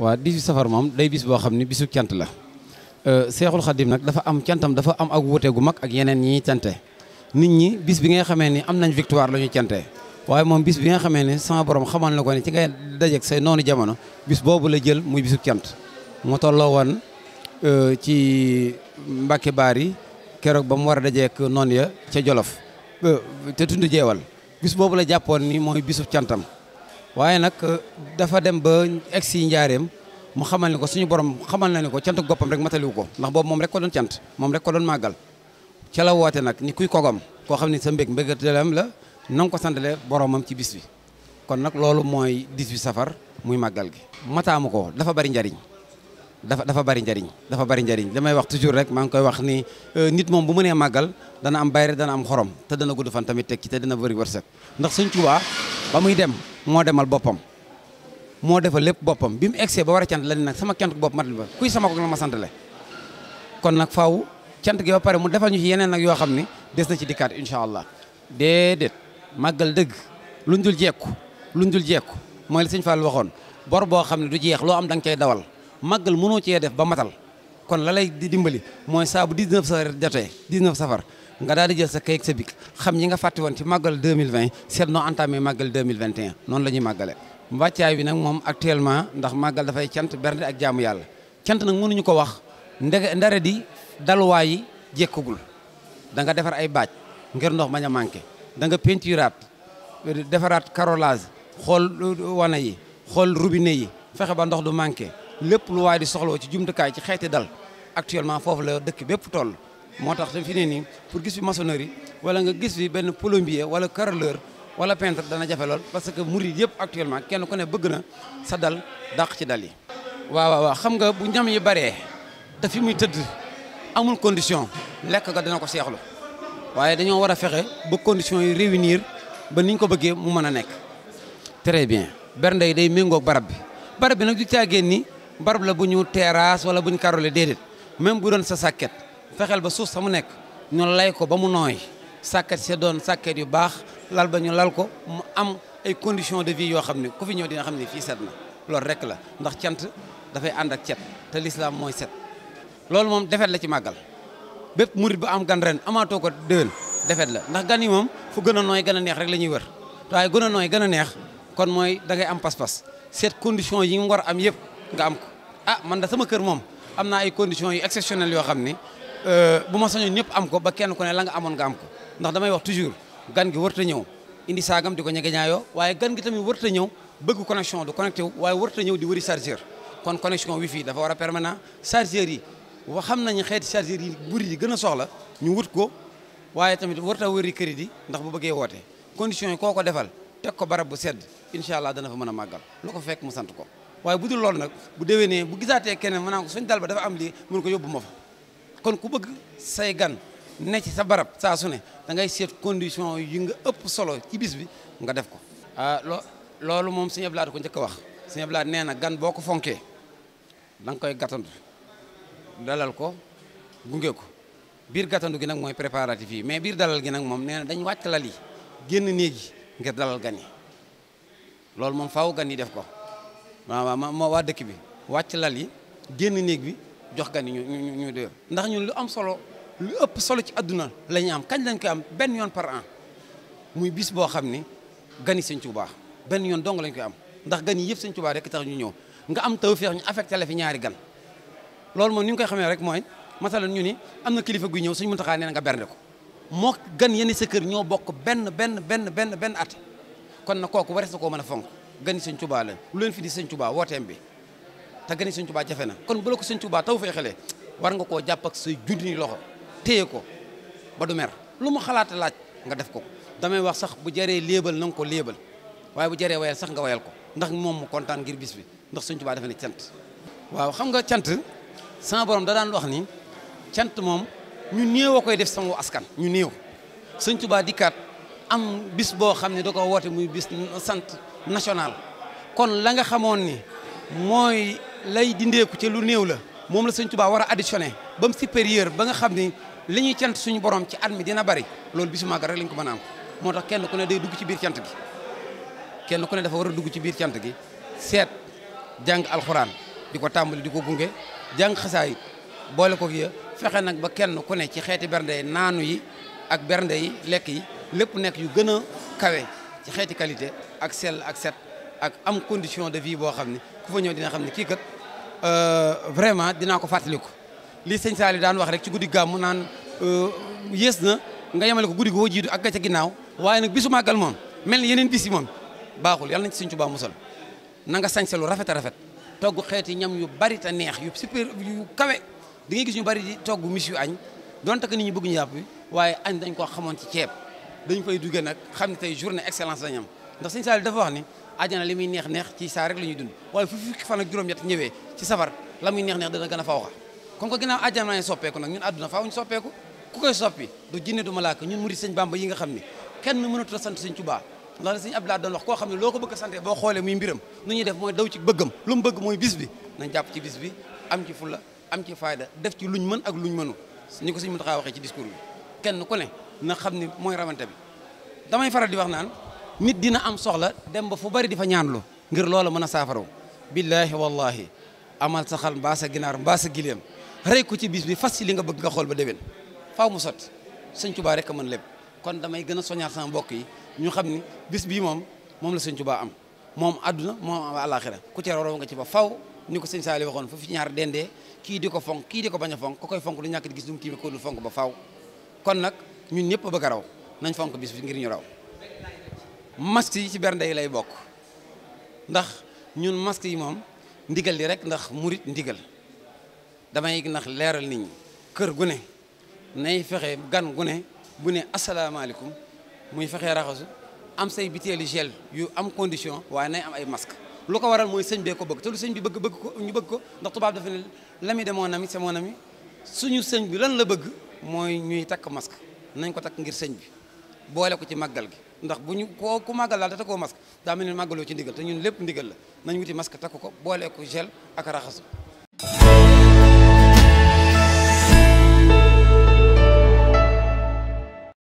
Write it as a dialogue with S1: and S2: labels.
S1: waaw 18 safar moom day bis boo xam ni bisu cant la euh, seexul xadim nag dafa am cantam dafa am ak wuute gu mag ak yeneen ñi cante nit ñi bis bi ngay xamee ni am nañ victoire la ñu cante waaye moom bis bi nga xamee ne sama borom xamal na ko ne ci ngay dajeek say noonu jamono bis boobu la jël muy bisu cant mu tolloo woon euh, ci Mbàkke yi keroog ba mu war a dajeeg noonu ya ca Jolof euh, te tund jeewal bis boobu la jàppoon ni mooy bisu cantam waaye nag euh, dafa dem ba egg si njaareem mu xamal ni ko suñu borom xamal na ni ko cant goppam rek mataliwu ko ndax boobu moom rek ko doon cant moom rek ko doon màggal ca la woote nag ni kuy kogam koo xam ne sa mbég mbégatelam la na nga ko santale boromam ci bis bi kon nag loolu mooy 18 safar muy màggal gi mataamu ko dafa bari njariñ dafa dafa bari njariñ dafa bari njariñ li wax toujours rek maa ngi koy wax ni euh, nit moom bu mënee màggal dana am bayre dana am xorom te dana gudd fan tamit teg ci te dana bëri wërsëg ndax sëñ Tuubaa ba muy dem moo demal boppam moo defal lépp boppam bi mu egsee ba war a cant la ni nag sama cant bopp mat ba kuy sama ko la ma santale kon nag faaw cant gi ba pare mu defal ñu ci yeneen nag yoo xam ne des na ci dikkaat incha allah déedéet màggal dëgg luñ dul jekku luñ dul jekku mooy sëñ Fall waxoon bor boo xam ne du jeex loo am da nga cay dawal màggal mënoo cee def ba matal kon la lay di dimbali mooy saabu bu 19 safar jotee 19 safar nga daal di jël sa kayit sa bic xam ñi nga fàtte woon ci màggal 2020 seet noo entamé màggal 2021 noonu la ñuy màggale wàccaay bi nag moom actuellement ndax màggal dafay cant bernde ak jaamu yàlla cant nag mënuñu ko wax ndege ndare di daluwaay yi jekkagul danga defar ay baaj ngir ndox bañ a manqué da nga peinturaat defaraat carrelage xool wana yi xool robinet yi fexe ba ndox du manqué lépp lu waay di soxloo ci jumtukaay ci xeeti dal actuellement foofu la dëkk bépp toll moo tax fi ne nii pour gis fi maçonnerie wala nga gis fi benn plombier wala carreleur wala peintre dana jafe lool parce que murid yëpp actuellement kenn ku ne bëgg na sa dal dàq ci dal yi waaw waaw xam nga bu ñam yi baree daf fi muy tëdd amul condition lekk ga dana ko seexlu waaye dañoo war a fexe ba condition yi réunir ba niñ ko bëggee mu mën a nekk très bien bernde day méngoog barab bi barab la bu ñu terrasse wala bu ñu karole déedéet même bu doon sa sàkket fexeel ba suuf sa mu nekk ñu lay ko ba mu nooy sàkket sa doon sàkket yu baax lal ba ñu lal ko mu am ay conditions de vie yoo xam ne ku fi ñëw dina xam ne fii set na loolu rek la ndax cant dafay ànd ak cet te lislaam mooy set loolu moom defet la ci màggal bépp murit bu am gan ren amaatoo ko déwén defet la ndax gan yi moom fu gën a nooy gën a neex rek la ñuy wër waaye gën a nooy gën a neex kon mooy da am pas seet conditions yi mu am yëpp nga am ko ah man da sama kër moom am naa ay conditions yi exceptionnelles yoo xam ni euh, bu ma sañoon ñëpp am ko ba kenn ku ne la nga amoon nga am ko ndax damay wax toujours gan gi warta ñëw indi saagam di ko ñege ñaayo waaye gan gi tamit warta ñëw bëgg connexion du connecté wu waaye warta ñëw di wëri chargeur kon connexion fii dafa war a permanent chargeur yi wa xam nañu xeeti chargeur yi buri yi gën a soxla ñu wut ko waaye tamit warta wëri crédit ndax bu bëggee woote condition yi koo ko defal teg ko barab bu sedd incha allah dana fa mën a màggal lu ko fekk mu sant ko waaye bu dul loolu nag bu déwénee bu gisaatee keneen maanaam suñ dal ba dafa am lii mun ko yóbbu ma kon ku bëgg say gan ne ci sa barab saa su ne da ngay seet condition yi nga ëpp solo ci bis bi nga def ko ah loolu moom Sëñ Abdou ko njëkk a wax Sëñ Abdou Lahad nee na gan boo ko fonkee da nga koy gàttandu dalal ko gunge ko biir gàttandu gi nag mooy préparatif yi mais biir dalal gi nag moom nee na dañ wàcc lal yi génn néegi yi ngir dalal gan loolu moom faaw gan yi def ko maanaam moo waa dëkk bi wàcc lal yi génn néeg bi jox gan yi ñu ñu ñu ndax ñun lu am solo lu ëpp solo ci àdduna la am kañ lañ koy am benn yoon par an muy bis boo xam ni gan yi Sëñ Tuubaa benn yoon dong lañ koy am ndax gan yi yëpp Sëñ Tuubaa rek tax ñu ñëw nga am tawfeex ñu affecté la fi ñaari gan loolu moom ni koy xamee rek mooy masalan ñu ni am na kilifa guy ñëw Sëñ Muntaxaa nee na nga bernde ko moo gan yenn sa kër ñoo bokk benn benn benn benn benn at kon na kooku warees na koo mën a fonk gani sëñ Tuubaa lañ lu leen fi di sëñ Tuubaa wooteem bi te gani sëñ jafe na kon bu la ko sëñ Tuubaa taw fee xele war nga koo jàpp ak say junni loxo téye ko ba du lu mu xalaata laaj nga def ko damay wax sax bu jaree léebal na ko léebal waaye bu jaree wayal sax nga wayal ko ndax moom mu kontaan ngir bis bi ndax sëñ Tuubaa dafa ne waaw xam nga cant sama borom da daan wax ni cant moom ñu néew a koy def sama askan ñu néew sëñ dikkaat am bis boo xam ne da ko woote muy bis sant national kon la nga xamoon ni mooy lay dindeeku ca lu néew la moom la sëñ Tuubaa war a additionné ba mu supérieur ba nga xam ni li ñuy cant suñu borom ci at mi dina bari loolu bisu màggal rek lañ ko mën a am moo tax kenn ku ne day dugg ci biir cant gi kenn ku ne dafa war a dugg ci biir cant gi seet jàng alxuraan di ko tàmbali di ko gunge jàng xasaayit boole ko gi fexe nag ba kenn ku ne ci xeeti bernde yi naanu yi ak bernde lekk yi lépp nekk yu gën a kawe ci xeeti qualité ak sel ak set ak am condition de vie boo xam ne ku fa ñëw dina xam ne kii kat euh, vraiment dinaa ko fàttaliku. li sëñ Saali daan wax rek ci guddi gàmmu naan euh, yées na nga yemale ko guddi goo jiitu ak ga ca ginnaaw waaye nag bisu màggal moom mel ni yeneen bisi yi moom baaxul yàlla nañ ci sëñ Tuubaa musal na nga sañse lu rafet a rafet togg xeeti ñam yu bari te neex yu super yu kawe di nga gis ñu bari di togg mis añ donte que nit ñi yàpp bi waaye añ dañ koo xamoon ci ceeb dañ fay duggee nag xam ne tey journée excellence lañ am ndax sëñ Saliou dafa wax ni àjjana li muy neex neex ci saa rek la ñuy dund waaye fu fukki fan ak juróom ñëwee ci safar la muy neex neex dana gën a fawxa comme que ginnaaw àjjana soppeeku nag ñun àdduna faaw ñu soppeeku ku koy du jinne du malaaka ñun murid Bamba yi nga xam ne kenn mënatu la sant sëñ Tuubaa loolu sëñ Abdoulaye doon wax koo xam ne loo ko bëgg a sante boo xoolee muy mbiram nu ñuy def mooy daw ci bëggam lu mu bëgg mooy bis bi nañ jàpp ci bis bi am ci fulla am ci fayda def ci luñ mën ak luñ mënu ni ko sëñ Muntaxa waxee ci discours bi kenn ku ne na xam ni mooy rawante bi damay faral di wax naan nit dina am soxla dem ba fu bari di fa ñaanlu ngir loola mën a saafaraw billaahi wallaahi amal sa xal mbaa sa ginaar mbaa sa gileem rey ko ci bis bi fas ci li nga bëgg nga xool ba déwén faw mu sot sëñ Tuubaa rek a man lépp kon damay gën a soñaat sama mbokk yi ñu xam ni bis bii moom moom la sëñ Tuubaa am moom àdduna moom am àllaaxira ku ci raw nga ci ba faw ñu ko sëñ Saali waxoon fu fi ñaar dendee kii di ko fonk ko bañ a koy fonk du ñàkk gis du mu tiime ba faw ñun ñëpp bëgg a raw nañ fonk bis bi ngir ñu raw masque yi ci bernde yi lay bokk ndax ñun masque yi moom ndigal li rek ndax murit ndigal damay ndax leeral nit ñi kër gune nay fexe gan gu ne bu ne asalaamaaleykum muy fexe raxasu am say biteelu gel yu am condition waaye nay am ay masque lu ko waral mooy sëñ bee ko bëgg te lu sëñ bi bëgg bëgg ko ñu bëgg ko ndax tubaab dafa ne l'ami de mon ami c'est mon ami suñu sëñ bi lan la bëgg mooy ñuy takk masque nañ ko takk ngir sëñ bi boole ko ci màggal gi ndax bu ñu koo ku màggal daal te takkoo masque daa mel ni màggaloo ci ndigal te ñun lépp ndigal la nañ wuti masque takk ko boole ko gel ak raxasu